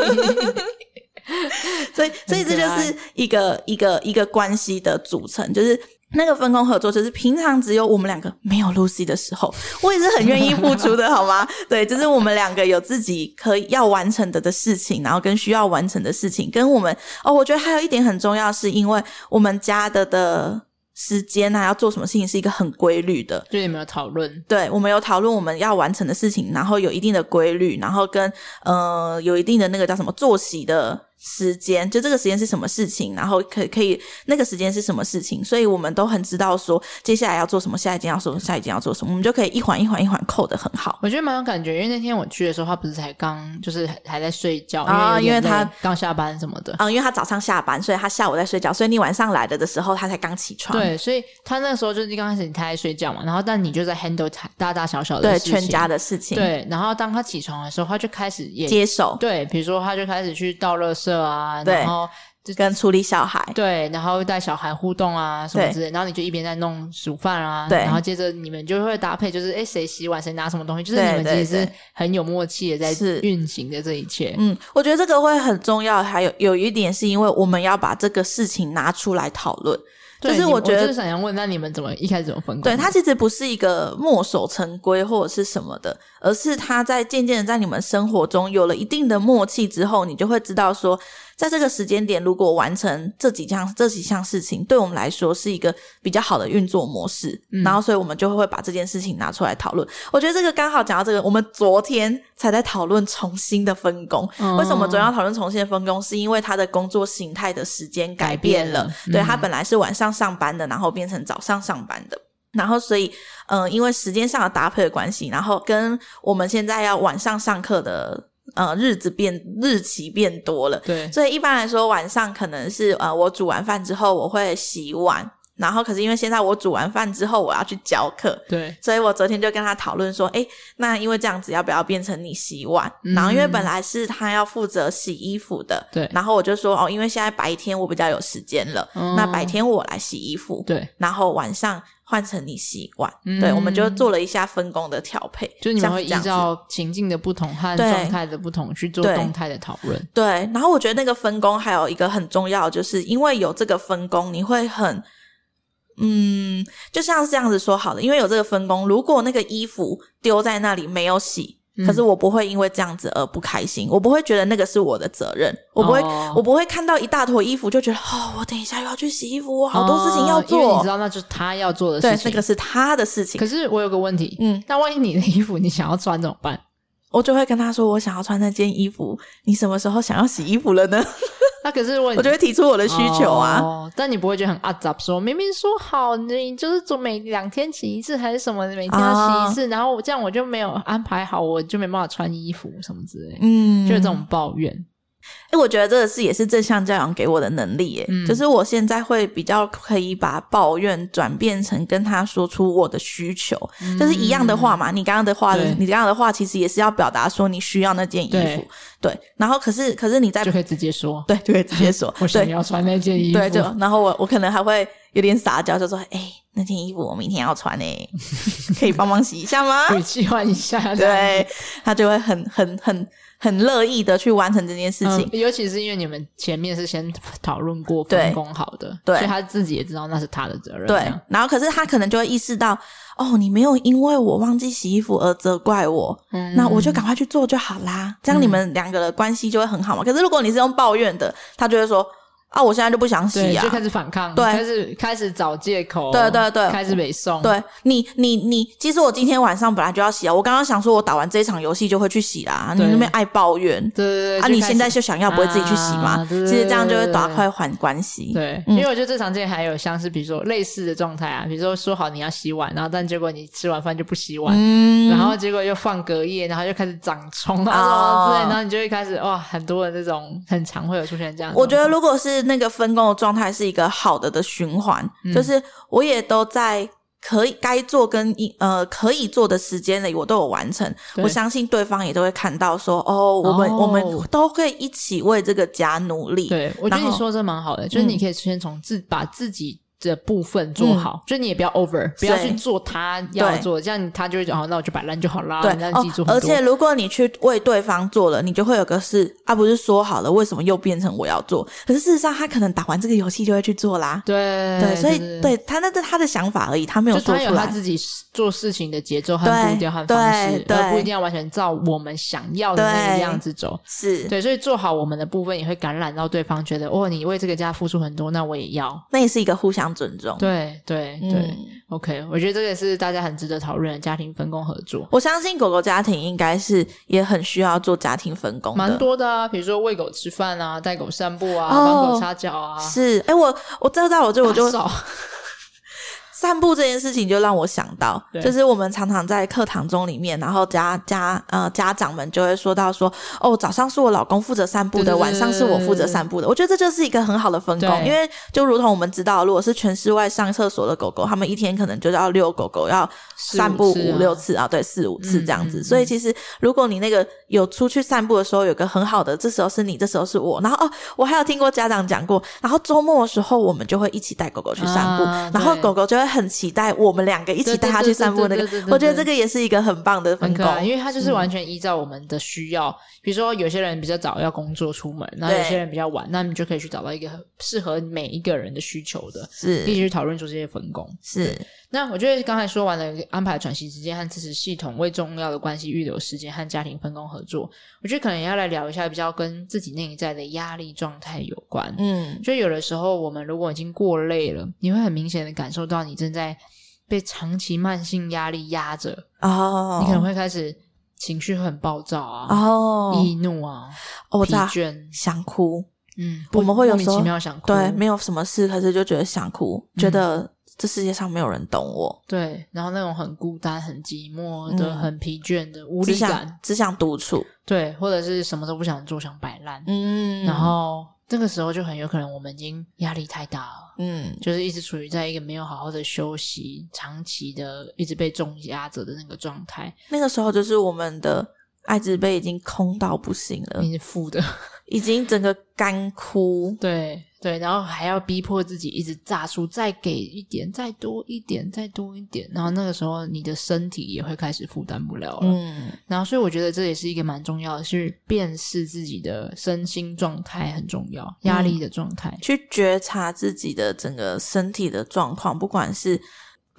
S2: 所以，所以這就是一個一個一個，一個關係的組成，就是。那個分工合作，就是平常只有我們兩個沒有露西的時候，我也是很願意付出的， 好嗎？對，就是我們兩個有自己可以要完成的的事情，然後跟需要完成的事情，跟我們哦，我覺得還有一點很重要，是因為我們家的的時間啊，要做什麼事情是一個很規律的，就你們有討論？對，我們有討論我們要完成的事情，然後有一定的規律，然後跟呃，有一定的那個叫什麼作息的，時間就這個時間是什麼事情，然後可以可以那個時間是什麼事情，所以我們都很知道說接下來要做什麼，下一件要什麼，下一件要做什麼，我們就可以一環一環一環扣得很好。我覺得蠻有感覺，因為那天我去的時候，他不是才剛就是還在睡覺，啊，因為，因為他
S1: 剛下班什麼的，啊、嗯，
S2: 因為他早上下班，所以他下午在睡覺，所以你晚上來了的時候，他才剛起床，對，所以他那個時候就是剛開
S1: 始你還在睡覺嘛，然後但你就在 handle 大大小小的事情對全家的事情，對，然後當他起床的時候，他就開始也接手，對，比如說他就開始去倒了水。對啊，然後就跟處理小孩，對，然後帶小孩互動啊什麼之類的，然後你就一邊在弄煮飯啊，對，然後接着你們就會搭配，就是哎誰洗碗誰拿什麼東西，就是你們其實很有默契的在運行的這一
S2: 切，對對對。嗯，我覺得這個會很重要，還有有一點是因為我們要把這個事情拿出來討論。就是我覺得，就是想
S1: 要問，那你們怎麼一開始怎麼分工？對，他
S2: 其實不是一個墨守成規或者是什麼的，而是他在漸漸的在你們生活中有了一定的默契之後，你就會知道說。在這個時間點，如果完成這幾項這幾項事情，對我們來說是一個比較好的運作模式。嗯、然後，所以我們就會把這件事情拿出來討論。我覺得這個剛好講到這個，我們昨天才在討論重新的分工。哦、為什麼總要討論重新的分工？是因為他的工作形態的時間改變了。變了嗯、對，他本來是晚上上班的，然後變成早上上班的。然後，所以嗯、呃，因為時間上的搭配的關係，然後跟我們現在要晚上上課的。呃，日子變日期變多了，對，所以一般來說晚上可能是呃，我煮完飯之後我會洗碗，然後可是因為現在我煮完飯之後我要去教課，對，所以我昨天就跟他討論說，誒、欸，那因為這樣子要不要變成你洗碗？嗯、然後因為本來是他要負責洗衣服的，對，然後我就說哦，因為現在白天我比較有時間了、嗯，那白天我來洗衣服，對，然後晚上。換成你習慣、嗯，對，我們就做了一下分工的調配，就你們會依照
S1: 情境的不同和狀態的不同去做動態的討論。
S2: 對，然後我覺得那個分工還有一個很重要，就是因為有這個分工，你會很，嗯，就像是這樣子說好的，因為有這個分工，如果那個衣服丟在那裡沒有洗。可是我不會因為這樣子而不開心，嗯、我不會覺得那個是我的責任、哦，我不會，我不會看到一大坨衣服就覺得，哦，我等一下又要去洗衣服，我好多事情要做。哦、因為你知道，那就是他要做的事情，對，那個是他的事情。可是我有個問題，嗯，那萬一你的衣服你想要穿怎麼辦？我就會跟他說，我想要穿那件衣服。你什麼時候想要洗衣服了呢？
S1: 那可是我，我就會提出我的需求啊。哦哦、但你不會覺得很阿雜，說明明說好你就是每兩天洗一次，還是什麼，你每天要洗一次，哦、然後我這樣我就沒有安排好，我就沒辦法穿衣服什麼之類的。嗯，就是這種抱怨。
S2: 哎、欸，我覺得這個事也是正向教養給我的能力，哎、嗯，就是我現在會比較可以把抱怨轉變成跟他說出我的需求，嗯、就是一樣的話嘛。你剛剛的話的，你剛剛的話其實也是要表達說你需要那件衣服，對。對，然後可是可是你在就可以直接說，對，就可以直接說，不是 你要穿那件衣服。對，就然後我我可能還會。有點撒嬌就說：“哎、欸，那件衣服我明天要穿呢， 可以幫忙洗一下嗎？語氣換一下，對，他就會很很很很樂意的去完成這件事情、嗯。
S1: 尤其是因為你們前面是先討論
S2: 過分工好的
S1: 對對，所以他自己也知道那是他的責任。對，
S2: 然後可是他可能就會意識到，哦，你沒有因為我忘記洗衣服而責怪我，嗯、那我就趕快去做就好啦，這樣你們兩個的關係就會很好嘛、嗯。可是如果你是用抱怨的，他就會說。”啊！我現在就不想洗啊，就開始反抗，對，開始開始找借
S1: 口，對對對，開始沒
S2: 送。對，你你你，其實我今天晚上本來就要洗啊，我剛剛想說，我打完這一場遊戲就會去洗啦、啊。你那邊愛抱怨，對對,對。啊，你現在就想要不會自己去洗嗎？啊、對對對其實這樣就會打快緩關係、嗯。對，因
S1: 為我覺得這場景還有像是比如說類似的狀態啊，比如說說好你要洗碗，然後但結果你吃完飯就不洗碗、嗯，然後結果又放隔夜，然後又開始長蟲啊對，之類，然後你就會開始哇，很多的這種很常會有出現這樣的。我覺得
S2: 如果是。那個分工的狀態是一個好的的循環、嗯，就是我也都在可以該做跟呃可以做的時間裡，我都有完成。我相信對方也都會看到說，哦，我們、哦、我們都會一起為這個家努力。對，我覺得你說這蠻好的，嗯、就是你可
S1: 以先從自把自己的部分做好、嗯，
S2: 就你也不要 over，不要去做他要做，這樣
S1: 他就會講好，那我就擺爛就好啦。對，讓自己做很多，而且如
S2: 果你去為對方做了，你就會有個事啊，不是說好了，為什麼又變成我要做？可是事實上，他可能打完這個遊戲就會去做啦。對對，所以對，對他那是他，他的想法而已，他沒有說出來、就是、他有他自
S1: 己做事情的節奏和步調，和方式，對，對不一定要完全照我們想要的那個樣子走。對是對，所以做好我們的部分，也會感染到對方，覺得哦，你為這個家付出很多，那我也要。
S2: 那也是一個互相。尊重，對對對、嗯、OK。我覺得這個也是大家很值得討論的家庭分工合作。我相信狗狗家庭應該是也很需要做家庭分工的，蠻多
S1: 的啊。比如說餵狗吃飯啊，帶狗散步啊，哦、幫狗擦腳啊，是。
S2: 哎、欸，我我在我這我就，我就 散步這件事情就讓我想到，就是我們常常在課堂中裡面，然後家家呃家長們就會說到說哦、喔，早上是我老公負責散步的，嗯、晚上是我負責散步的。我覺得這就是一個很好的分工，因為就如同我們知道，如果是全室外上廁所的狗狗，他們一天可能就是要遛狗狗要散步 5, 五六次啊，啊，對，四五次這樣子。嗯嗯嗯。所以其實如果你那個有出去散步的時候，有個很好的，這時候是你，這時候是我。然後哦、啊，我還有聽過家長講過，然後週末的時候我們就會一起帶狗狗去散步，啊，然後狗狗就會。很期待我們兩個一起帶他去散步。那個對對對對對對對對，我覺得這個也是一個很棒的分工，因為他就是完全依照我們的需要。嗯、比如說，有些人
S1: 比較早要工作出門，那有些人比較晚，那你就可以去找到一個適合每一個人的需求的，是，一起去討論做這些分工是。那我覺得剛才說完了安排喘息時間和支持系統、為重要的關係預留時間和家庭分工合作，我覺得可能要來聊一下比較跟自己內在的壓力狀態有關。嗯，就有的時候我們如果已經過累了，你會很明顯的感受到你正在被長期慢性壓力壓着哦，你可能會開始情緒很暴躁啊，哦，易怒啊、哦疲哦，疲倦，想
S2: 哭。嗯，我們會有莫名其妙想哭，對，沒有什麼事，可是就覺得想哭，嗯、覺得。這世界上沒有人懂我，
S1: 對，然後那種很孤單、很
S2: 寂寞的、嗯、很疲倦的無力感，只想獨處，
S1: 對，或者是什麼都不想做，想擺爛，嗯，然後這、嗯那個時候就很有可能我們已經壓力太大了，嗯，就是一直處於在一個沒有好好的休息、嗯、長期的一直被重壓着的那個狀態，
S2: 那個時候就是我們的愛之杯已經空到不行了，已經負的。已經整個乾枯， 對對，然後還要逼迫自己
S1: 一直榨出，再給一點，再多一點，再多一點，然後那個時候你的身體也會開始負擔不了了。嗯，然後所以我覺得這也是一個蠻重要的，是辨識自己的身心狀態很重要，壓力的狀態，嗯、
S2: 去覺察自己的整個身體的狀況，不管是。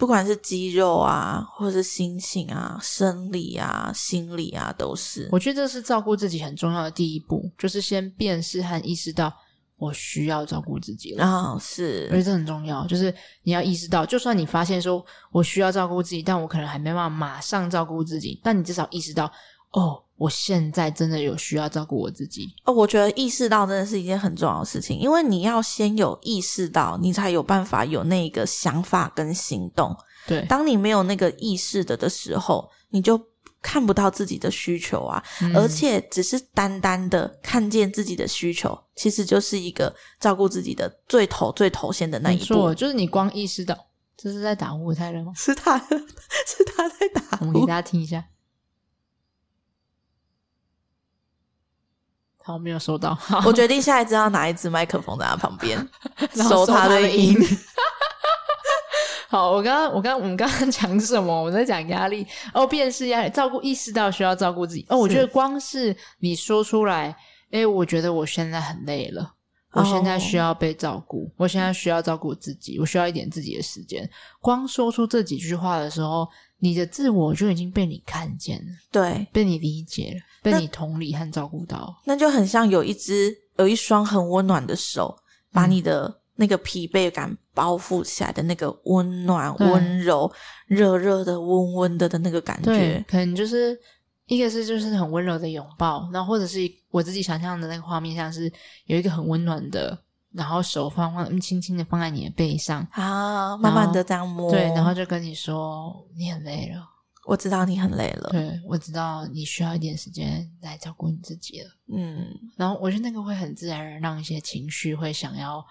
S2: 不管是肌肉啊，或者是心情啊、生理啊、心理啊，都是。我
S1: 覺得這是照顧自己很重要的第一步，就是先辨識和意識到我需要照顧自己了。啊、哦，是，我覺得這很重要，就是你要意識到，就算你發現說我需要照顧自己，但我可能還沒辦法馬上照顧自己，但你至少意識到，哦。我現在真的有需要照顧我自己
S2: 哦，我覺得意識到真的是一件很重要的事情，因為你要先有意識到，你才有辦法有那一個想法跟行動。對，當你沒有那個意識的的時候，你就看不到自己的需求啊，嗯，而且只是單單的看見自己的需求，其實就是一個照顧自己的最頭最頭先的那一步。就是
S1: 你光意識到，這是在打呼太人嗎？是他的，是他在打呼，我們給大家聽一下。
S2: 他沒有收到好。我決定下一次要拿一支麥克風在他旁邊， 收他的音。
S1: 好，我剛我剛，我剛剛，我們剛剛講什麼？我們在講壓力哦，辨識壓力，照顧意識到需要照顧自己哦。我覺得光是你說出來，哎，我覺得我現在很累了，
S2: 我現在需要
S1: 被照顧，我現在需要照顧自己，我需要一點自己的時間。光說出這幾句話的時候。你的自我就已經被你看見了，對，被你理解了，被你同理和照顧到，
S2: 那就很像有一隻有一雙很溫暖的手，把你的那個疲憊感包覆起來的那個溫暖、溫柔、熱熱的、溫溫的的那個感覺，
S1: 可能就是一個是就是很溫柔的擁抱，然後或者是我自己想象的那個畫面，像是有一個很溫暖的。然後手放放，嗯，輕輕的放在你的背上啊，慢慢的這樣摸。對，然後就跟你說，你很累了，我知道你很累了，對，我知道你需要一點時間來照顧你自己了。嗯，然後我覺得那個會很自然而然讓一些情緒會想要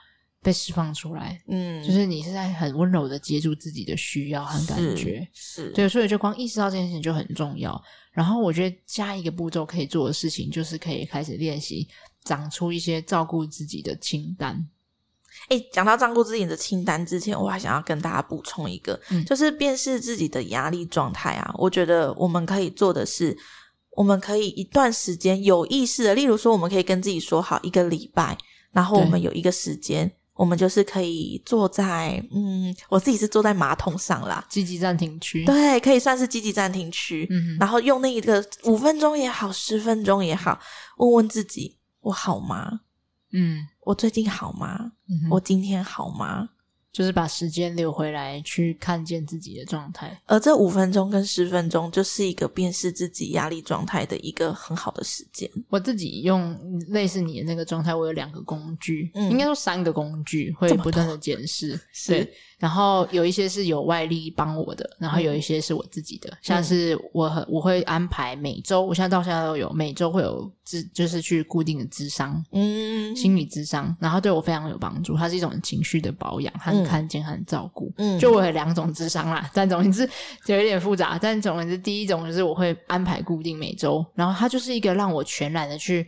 S1: 被釋放出來。嗯，就是你是在很溫柔的接觸自己的需要和感覺。是，是對，所以就光意識到這件事情就很重要。然後我覺得下一個步驟可以做的事情就是可以開始練
S2: 習。長出一些照顧自己的清單。哎、欸，講到照顧自己的清單之前，我還想要跟大家補充一個、嗯，就是辨識自己的壓力狀態啊。我覺得我們可以做的是，我們可以一段時間有意識的，例如說，我們可以跟自己說好一個禮拜，然後我們有一個時間，我們就是可以坐在，嗯，我自己是坐在馬桶上啦，積極暫停區，對，可以算是積極暫停區。嗯，然後用那一個五分鐘也好，十分鐘也好，嗯，問問自己。我好嗎？嗯，我最近好嗎？嗯，我今天好嗎？就是把時間留回來去看見自己的狀態，而這五分鐘跟十分鐘就是一個辨識自己壓力狀態的一個很好的時間。我自己用
S1: 類似你的那個狀態，我有兩個工具，嗯、應該說三個工具會不斷的檢視是。對，然後有一些是有外力幫我的，然後有一些是我自己的，嗯、像是我很我會安排每週，我現在到現在都有每週會有自就是去固定的諮商、嗯，心理諮商，然後對我非常有幫助，它是一種情緒的保養。它嗯看見和照顧、嗯，就我有兩種諮商啦。但總之就有點複雜。但總之，第一種就是我會安排固定每週，然後它就是一個讓我全然的去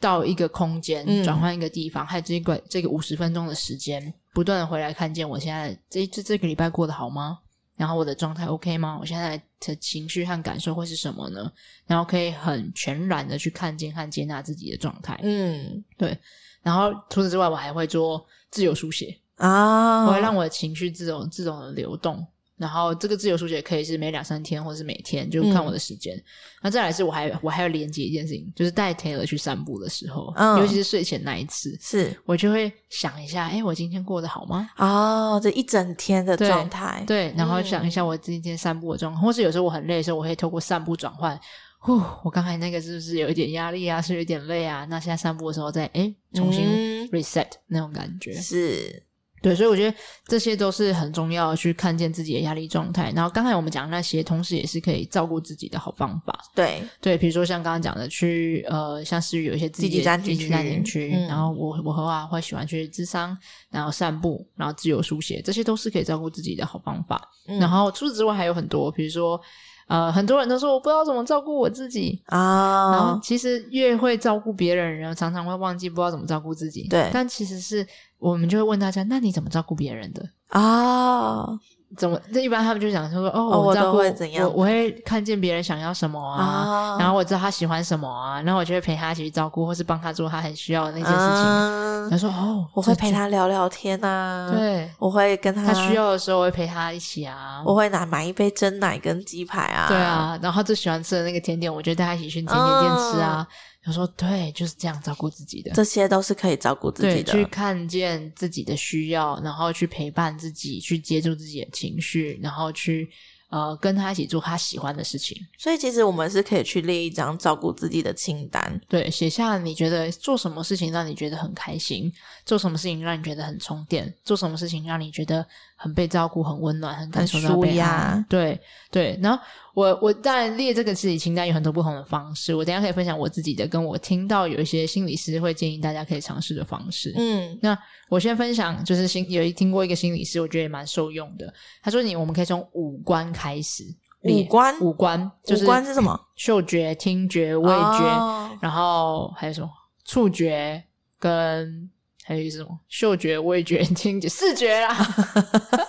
S1: 到一個空間，嗯、轉換一個地方，還有這個這個五十分鐘的時間，不斷的回來看見我現在、欸、這這這個禮拜過得好嗎？然後我的狀態 OK 嗎？我現在的情緒和感受會是什麼呢？然後可以很全然的去看見和接納自己的狀態。嗯，對。然後除此之外，我還會做自由書寫。
S2: 啊、oh.！我會讓
S1: 我的情緒自動自動的流動，然後這個自由書寫可以是每兩三天，或是每天，就看我的時間、嗯。那再來是我，我還我還要連接一件事情，就是帶 Taylor 去散步的時候、嗯，尤其是睡前那一次，是我就會想一下，哎、欸，我今天過得好嗎？哦，這一整天的狀態，對，然後想一下我今天散步的狀態、嗯，或是有時候我很累的時候，我會透過散步轉換。呼，我剛才那個是不是有一點壓力啊？是有點累啊？那現在散步的時候再，再、欸、哎重新 reset、嗯、那種感覺是。對，所以我覺得這些都是很重要的，去看見自己的壓力狀態。然後剛才我們講的那些，同時也是可以照顧自己的好方法。對對，比如說像剛剛講的，去呃，像是有一些自己的興在興趣，然後我我和阿華會喜歡去諮商，然後散步，然後自由書寫，這些都是可以照顧自己的好方法。嗯、然後除此之外還有很多，比如說呃，很多人都說我不知道怎麼照顧我自己啊、哦。然後其實越會照顧別人，然後常常會忘記不知道怎麼照顧自己。對，但其實是。我們就會問大家，那你怎麼照顧別人的啊、哦？怎麼？這一般他們就講說哦，哦，我照顧怎樣我？我會看見別人想要什麼啊、哦，然後我知道他喜歡什麼啊，然後我就會陪他一起去照顧，或是
S2: 幫他做他很需要的那件事情。他、嗯、說，哦，我會陪他聊聊天啊，對，我會跟他他需要的時候，我會陪他一起啊，我會拿買一杯珍奶跟雞排啊，對啊，
S1: 然後他最喜歡吃的那個甜點，我就帶他一起去甜點店吃啊。嗯他說：“對，就是這
S2: 樣照顧自己的，這些都是可以照顧自己的。去
S1: 看見自己的需要，然後去陪伴自己，去接住自己的情緒，然後去呃跟他一起做他喜歡的事情。
S2: 所以其實我們是可以去列一張照顧自己的清單，對，
S1: 寫下你覺得做什麼事情讓你覺得很開心，做什麼事情讓你覺得很充電，做什麼事情讓你覺得。”很被照顧，很溫暖，很感受到被愛、啊、對對，然後我我當然列這個自己清單有很多不同的方式。我等一下可以分享我自己的，跟我聽到有一些心理師會建議大家可以嘗試的方式。嗯，那我先分享，就是有有聽過一個心理師，我覺得也蠻受用的。他說你，你我們可以從五官開始，五官五官就是、五官是什麼？嗅覺、聽覺、味覺，哦、然後還有什麼？觸覺跟。還有什麼？嗅覺、味覺、聽覺、視覺啊！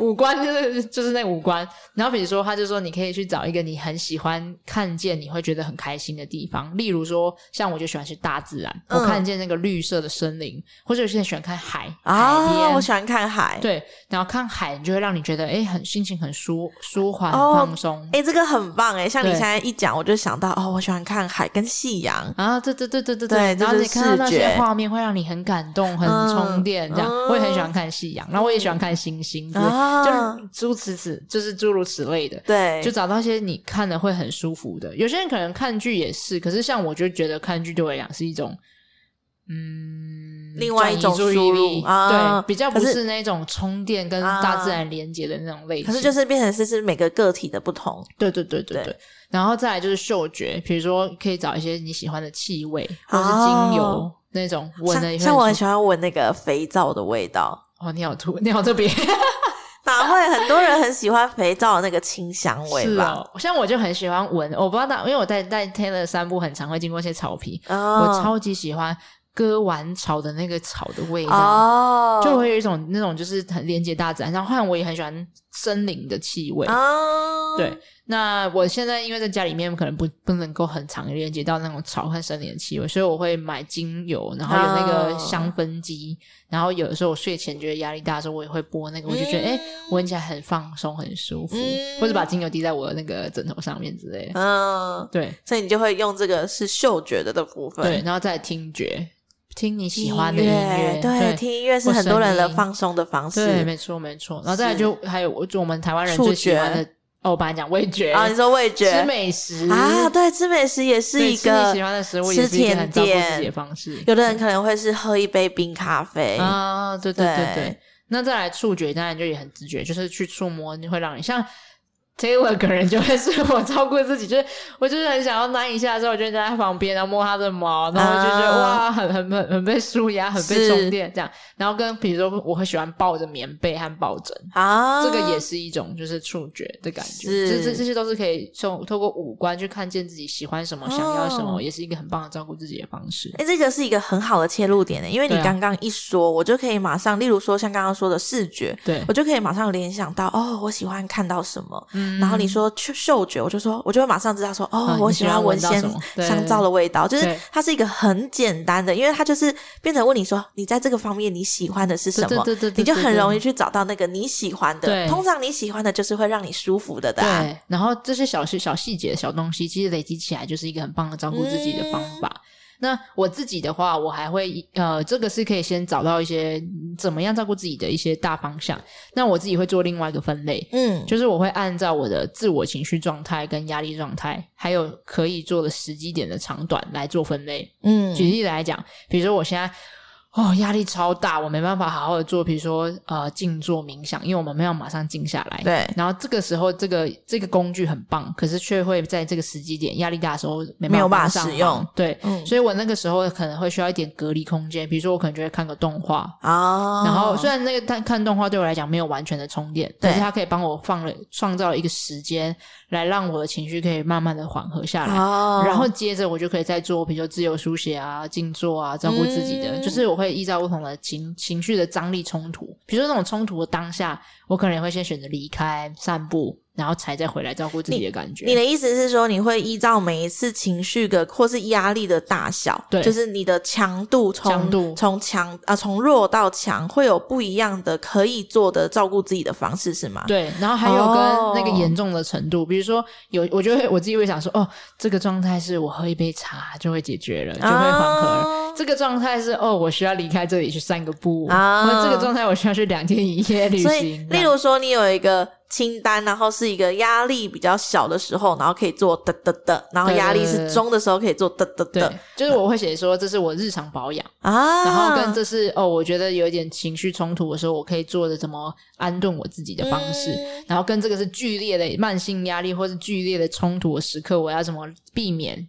S1: 五官就是就是那五官，然後比如說，他就說你可以去找一個你很喜歡看見、你會覺得很開心的地方，例如說，像我就喜歡去大自然，嗯、我看見那個綠色的森林，或者我現在喜歡看海，啊、哦、我喜歡看
S2: 海，對，然後看海你就會讓你覺得哎、欸，很心情很舒舒緩放鬆，哎、哦欸，這個很棒哎、欸，像你現在一講，我就想到哦，我喜歡看海跟夕陽啊，對對對對對對、就是，然後你看到那些畫
S1: 面會讓你很感動、很充電，嗯、這樣、嗯、我也很喜歡看夕陽，然後我也喜歡看星星。嗯對就諸如此,此、啊，就是諸如此類的，對，就找到一些你看的會很舒服的。有些人可能看劇也是，可是像我就覺得看劇對我來講是一
S2: 種，嗯，
S1: 另外一種輸入注意力、啊。對，比較不是那種充電跟大自然連結的那種類型可、啊。可是就是
S2: 變成是是每個個體的不同。對
S1: 對對對對,對,對,對。然後再來就是嗅覺，比如說可以找一些你喜歡的氣味或是精油、
S2: 啊、那種聞下像,像我很喜歡聞那個肥皂的味道。哦，你好土，你好特別。 會很多人很喜歡肥皂的那個清香味吧？
S1: 是哦，像我就很喜歡聞，我不知道，因為我帶帶 Taylor 散步很常會經過一些草皮，Oh. 我超級喜歡割完草的那個草的味道，Oh. 就會有一種那種就是很連接大自然。像換我也很喜歡森林的氣味，Oh. 對。那我現在因為在家裡面可能不不能夠很常連接到那種潮和森林的氣味，所以我會買精油，然後有那個香氛機、嗯，然後有的時候我睡前覺得壓力大的時候，我也會播那個，我就覺得哎，聞、嗯欸、起來很放鬆、很舒服、嗯，或者把精油滴在我的那個枕頭上面之類的。嗯，對，
S2: 所以你就會用這個是嗅覺的的部分，對，然後
S1: 再聽覺，聽你喜歡的音樂，對，聽音樂是很多人的放鬆的方式，對，沒錯沒錯，然後再來就還有我我們台灣人最喜歡的。哦，我把你講味覺啊，你說味覺吃美食啊，
S2: 對，吃美食也是一個吃甜點，吃你喜歡的食物，也是一個很照顧自己的方式。有的人可能會是喝一杯冰咖啡，嗯，啊，對對對對。對，
S1: 那再來觸覺當然就也很直覺，就是去觸摸就會讓你像。這個可能就會是我照顧自己，就是我就是很想要暖一下的時候，我就站在他旁邊，然後摸他的毛，然後我就覺得、uh, 哇，很很很很被舒壓，很被充電這樣。然後跟比如說我很喜歡抱着棉被和抱枕，uh, 這個也是一種就是觸覺的感覺。Uh, 這這這些都是可以從透過五官去看見自己喜歡什麼、uh, 想要什麼，也是一個很棒的照顧自己的方式。
S2: 哎、uh, 欸，這個是一個很好的切入點呢，因為你剛剛一說，我就可以馬上，例如說像剛剛說的視覺，對我就可以馬上聯想到哦，我喜歡看到什麼。嗯嗯、然後你說嗅嗅覺，我就說，我就會馬上知道說，說哦、啊，我喜歡聞香香皂的味道，就是它是一個很簡單的，因為它就是變成問你說，你在這個方面你喜歡的是什麼，你就很容易去找到那個你喜歡的。通常你喜歡的就是會讓你舒服的、的、啊，對。然後這些
S1: 小細小細節小東西，其實累積起來就是一個很棒的照顧自己的方法。嗯那我自己的話，我還會呃，這個是可以先找到一些怎麼樣照顧自己的一些大方向。那我自己會做另外一個分類，嗯，就是我會按照我的自我情緒狀態跟壓力狀態，還有可以做的時機點的長短來做分類。嗯，舉例來講，比如說我現在。哦，壓力超大，我沒辦法好好的做，比如說呃，靜坐冥想，因為我們沒有馬上靜下來。對。然後這個時候，這個這個工具很棒，可是卻會在這個時機點壓力大的時候沒，沒有辦法使用。對、嗯，所以我那個時候可能會需要一點隔離空間，比如說我可能就會看個動畫、oh、然後雖然那個看看動畫對我來講沒有完全的充電，但是它可以幫我放了創造了一個時間。來讓我的情緒可以慢慢的緩和下來，哦、然後接着我就可以再做，比如說自由書寫啊、靜坐啊，照顧自己的。嗯、就是我會依照不同的情情緒的張力衝突，比如說那種衝突的當下，我可能也會先選擇離開、散步。然後才再回來照顧自己的感覺。你，你的意
S2: 思是說，你會依照每一次情緒的或是壓力的大小，對，就是你的強度從、強度從強啊、呃、從弱到強，會有不一樣的可以做的照顧自己的方式，是嗎？對。
S1: 然後還有跟那個嚴重的程度，oh. 比如說有，我就會我自己會想說，哦，這個狀態是我喝一杯茶就會解決了，就會緩和了。Oh. 這個狀態是哦，我需要離開這裡去散個步啊。那這個狀態我需要去兩天一夜旅行。所以，
S2: 例如說，你有一個清單，然後是一個壓力比較小的時候，然後可以做嘚嘚嘚，然後壓力是中的時候，可以做嘚嘚嘚。對，就是我會寫說，這
S1: 是我日常保養啊。然後跟這是哦，我覺得有點情緒衝突的時候，我可以做的怎麼安頓我自己的方式、嗯。然後跟這個是劇烈的慢性壓力或是劇烈的衝突的時刻，我要怎麼避免？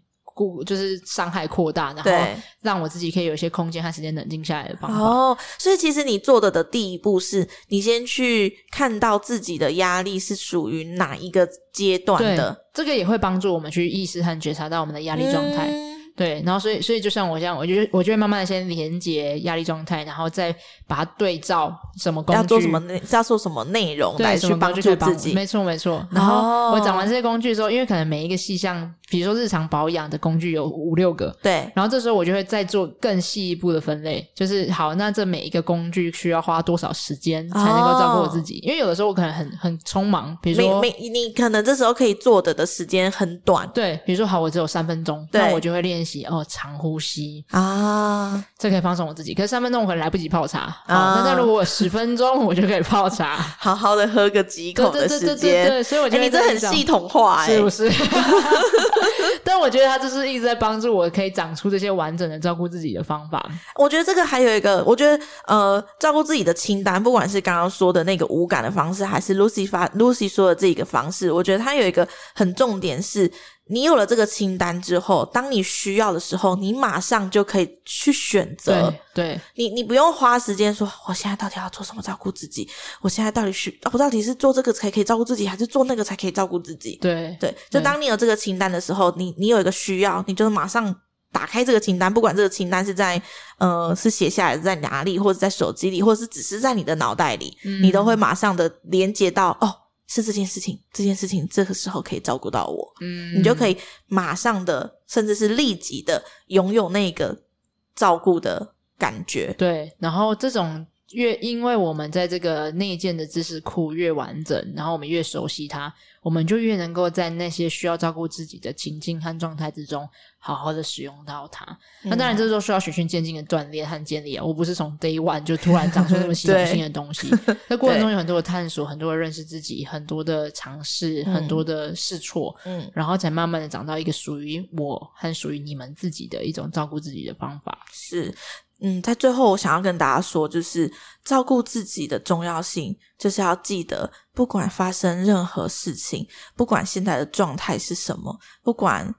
S1: 就是傷害擴大，然後讓我自己可以有一些空間和時間冷靜下來的方法。
S2: 哦，所以其實你做的的第一步是，你先去看到自己的壓力是屬於哪一個階段的。對，
S1: 這個也會幫助我們去意識和覺察到我們的壓力狀態。嗯對，然後所以所以就像我這樣，我就我就會慢慢的先連接壓力狀態，然後再把它對照什麼工具，要做什麼
S2: 內要做什麼內容來對去幫助自己。沒
S1: 錯沒錯。然後，然後我講完這些工具之後，因為可能每一個細項，比如說日常保養的工具有五六個，對。然後這時候我就會再做更細一步的分類，就是好，那這每一個工具需要花多少時間才能夠照顧我自己？哦，因為有的時候我可能很很匆忙，比如說
S2: 你你可能這時候可以做的的時間很短，對。
S1: 比如說好，我只有三分鐘，對，那我就會練。哦，長呼吸啊，這可以放鬆我自己。可是三分鐘我可能來不及泡茶，啊哦、但那如果十分鐘我就
S2: 可以泡茶， 好好的喝個幾口的時間。對對對對對對對對所以我覺得、欸、你這很系統化，是不是？
S1: 但我覺得他就是一直在幫助我可以長出這些完整的照顧
S2: 自己的方法。我覺得這個還有一個，我覺得呃，照顧自己的清單，不管是剛剛說的那個五感的方式，還是 Lucy 發 Lucy 說的這一個方式，我覺得它有一個很重點是。你有了這個清單之後，當你需要的時候，你馬上就可以去選擇。對，對你你不用花時間說，我現在到底要做什麼照顧自己？我現在到底需，哦、我到底是做這個才可以照顧自己，還是做那個才可以照顧自己？對對，就當你有這個清單的時候，你你有一個需要，你就是馬上打開這個清單，不管這個清單是在呃、是寫下來在哪裡，或者是在手機裡，或者是只是在你的腦袋裡，嗯、你都會馬上的連接到哦。是這件事情，這件事情這個時候可以照顧到我，嗯，你就可以馬上的，嗯，甚至是立即的擁有那個照顧的感覺，
S1: 對，然後這種。越因為我們在這個內建的知識庫越完整，然後我們越熟悉它，我們就越能夠在那些需要照顧自己的情境和狀態之中，好好的使用到它。嗯、那當然，這時候需要循序漸進的鍛鍊和建立啊！我不是從 day one 就突然長出那麼新鮮的東西。 那過程中有很多的探索，很多的認識自己，很多的嘗試，嗯、很多的試錯，嗯，然後才慢慢的長到一個屬於我，和屬於你們自己的一種照顧自己的方
S2: 法。是。嗯，在最後，我想要跟大家說，就是照顧自己的重要性，就是要記得，不管發生任何事情，不管現在的狀態是什麼，不管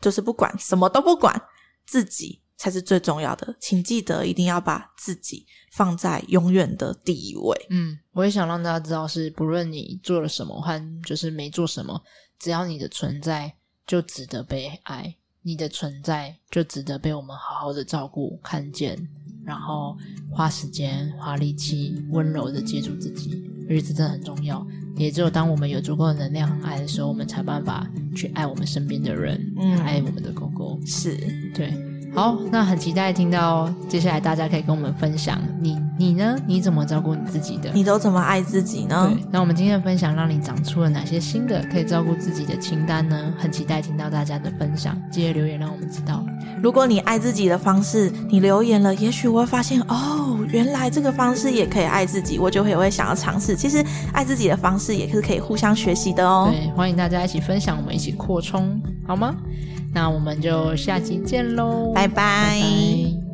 S2: 就是不管什麼都不管，自己才是最重要的。請記得，一定要把自己放在永遠的第一位。
S1: 嗯，我也想讓大家知道是，是不論你做了什麼，或就是沒做什麼，只要你的存在，就值得被愛。你的存在就值得被我們好好的照顧、看見，然後花時間、花力氣、溫柔的接住自己，這真的很重要。也只有當我們有足夠的能量和愛的時候，我們才辦法去愛我們身邊的人，嗯、愛我們的狗狗。是對。好，那很期待聽到接下來大家可以跟我們分享你你呢？你怎麼照顧你自己的？你都怎麼愛自己呢？對，那我們今天的分享讓你長出了哪些新的可以照顧自己的清單
S2: 呢？很期待聽到大家的分享，記得留言讓我們知道。如果你愛自己的方式你留言了，也許我會發現哦，原來這個方式也可以愛自己，我就會會想要嘗試。其實愛自己的方式也是可以互相學習的哦。對，歡迎大家一起分享，我們
S1: 一起擴充，好嗎？那我們就下期見嘍，拜拜。拜拜。